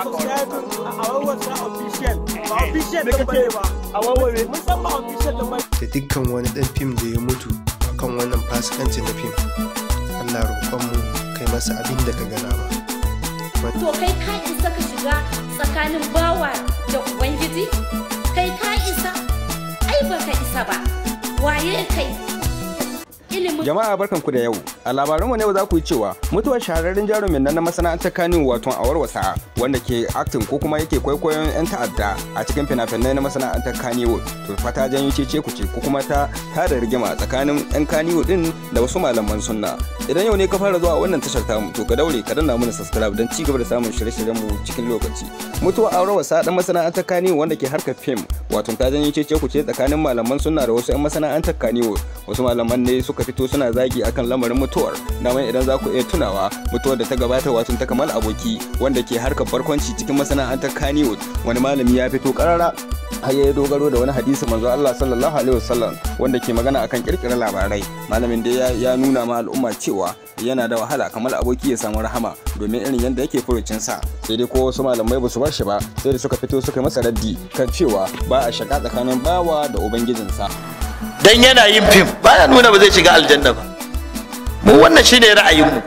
da dukkan wani dan fim da ya mutu kan wannan fasikanci na fim Allah roƙonmu kai masa abin da ka gana ba to kai ka isa ka shiga tsakanin bawa da ubangiji kai ka isa ai ba ka isa ba waye kai ilimin jama'a barkanku da yau a labarinmu na yau za ku yi cewa mutuwar shahararren jarumin nan na masana'antar kanu wato awar wasa wanda ke acting ko kuma yake kwaikwayon yan ta'adda a cikin fina-finai na masana'antar kaniwo to fata janyo cece ku ce ko kuma ta tada rigima tsakanin yan kaniwo din da wasu malaman sunna idan yau ne ka fara zuwa wannan tashar tamu to ka daure ka danna mana subscribe don ci gaba da samun shirye-shiryen mu cikin lokaci mutuwar awar wasa dan masana'antar kaniwo wanda ke harkar fim wato ta janyo cece ku ce tsakanin malaman sunna da wasu yan masana'antar kaniwo wasu malaman ne suka suka fito suna zagi akan lamarin mutuwar daman idan za ku iya tunawa mutuwar da ta gabata watan ta kamal aboki wanda ke harkar barkwanci cikin masana'antar kaniwood wani malami ya fito karara har ya dogaro da wani hadisi manzo Allah sallallahu alaihi wasallam wanda ke magana akan kirkirar labarai malamin da ya nuna ma al'umma cewa yana da wahala kamar aboki ya samu rahama domin irin yadda yake sa sai dai ko wasu malamai ba su bar shi ba sai da suka fito suka masa raddi kan cewa ba a shaka tsakanin bawa da ubangijinsa dan yana yin fim baya nuna ba zai shiga aljanna ba mu wannan shine ra'ayinmu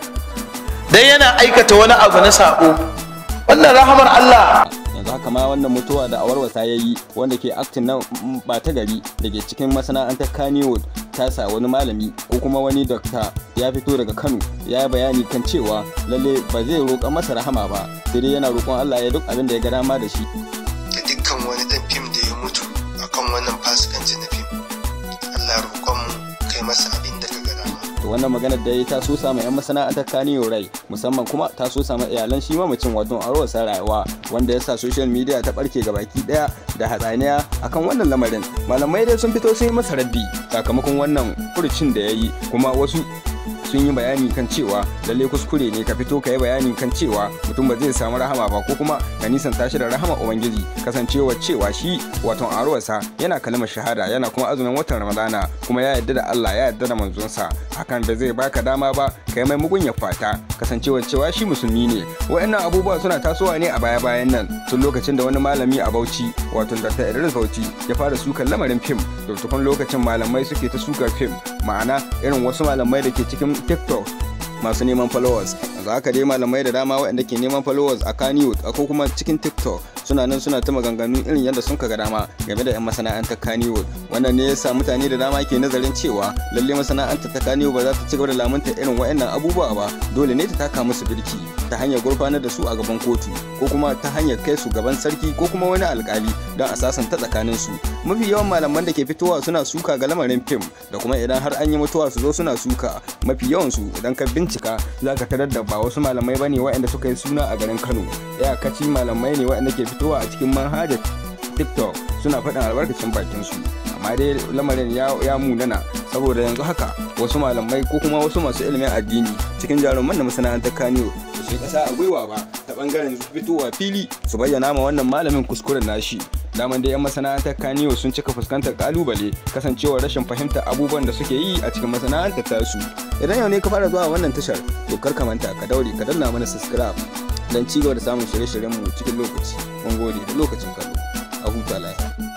dan yana aikata wani abu na sako wannan rahamar Allah yanzu haka ma wannan mutuwa da awarwa ya yi wanda ke aktin na bata mm, gari dake cikin masana'antar kaniwood tasa wani malami ko kuma wani dokta ya fito daga kano ya yi bayani kan cewa lalle ba zai roƙa masa rahama ba sai dai yana roƙon allah ya duk abin da ya ga dama da shi da dukkan wani dan fim da ya mutu akan wannan fasikan wannan maganar da ya ta so samu 'yan masana'antar kaniyo rai musamman kuma ta so samu iyalan shi mamacin wato rawar rayuwa wanda ya sa social media ta barke baki daya da hatsaniya akan wannan lamarin malamai dai sun fito sun yi masa raddi sakamakon wannan furucin da ya yi kuma wasu sun yi bayani kan cewa lalle kuskure ne ka fito ka yi bayani kan cewa mutum ba zai samu rahama ba ko kuma ka nisan tashi da rahama ubangiji kasancewa cewa shi wato aruwarsa yana kalmar shahada yana kuma azumin watan ramadana kuma ya yarda da Allah ya yarda da manzonsa hakan da zai baka dama ba ka yi mai ya fata kasancewa cewa shi musulmi ne wa'annan abubuwa suna tasowa ne a baya-bayan nan tun lokacin da wani malami a Bauchi wato Dr. Idris Bauchi ya fara sukan lamarin fim da tukun lokacin malamai suke ta sukar fim ma'ana irin wasu malamai da ke cikin tiktok masu neman followers yanzu ka dai malamai da dama waɗanda ke neman followers a kaniwood ko kuma cikin tiktok suna nan suna ta maganganu irin yadda sun kaga dama game da 'yan masana'antar kaniwood wannan ne ya sa mutane da dama ke nazarin cewa lalle masana'antar ta kaniwood ba za ta ci gaba da lamunta irin waɗannan abubuwa ba dole ne ta taka musu birki ta hanyar gurfanar da su a gaban kotu ko kuma ta hanyar kai su gaban sarki ko kuma wani alkali don a sasanta tsakanin su mafi yawan malaman da ke fitowa suna suka ga lamarin fim da kuma idan har an yi mutuwa su zo suna suka mafi yawan su idan ka bincika za ka tarar da ba wasu malamai bane waɗanda suka yi suna a garin Kano iyakaci malamai ne waɗanda ke fitowa a cikin manhajar TikTok suna faɗin albarkacin bakin su amma dai lamarin ya munana saboda yanzu haka wasu malamai ko kuma wasu masu ilimin addini cikin jaruman da masana'antar Kano su ƙasa a gwiwa ba ta bangaren fitowa fili su bayyana ma wannan malamin kuskuren nashi daman da 'yan masana'antar kaniyo sun cika fuskantar kalubale kasancewar rashin fahimta abubuwan da suke yi a cikin masana'antar tasu idan yau ne ka fara zuwa wannan tashar to kar ka manta ka daure ka danna mana subscribe don cigaba da samun shirye-shiryenmu cikin lokaci mun gode da lokacin ka a huta lafiya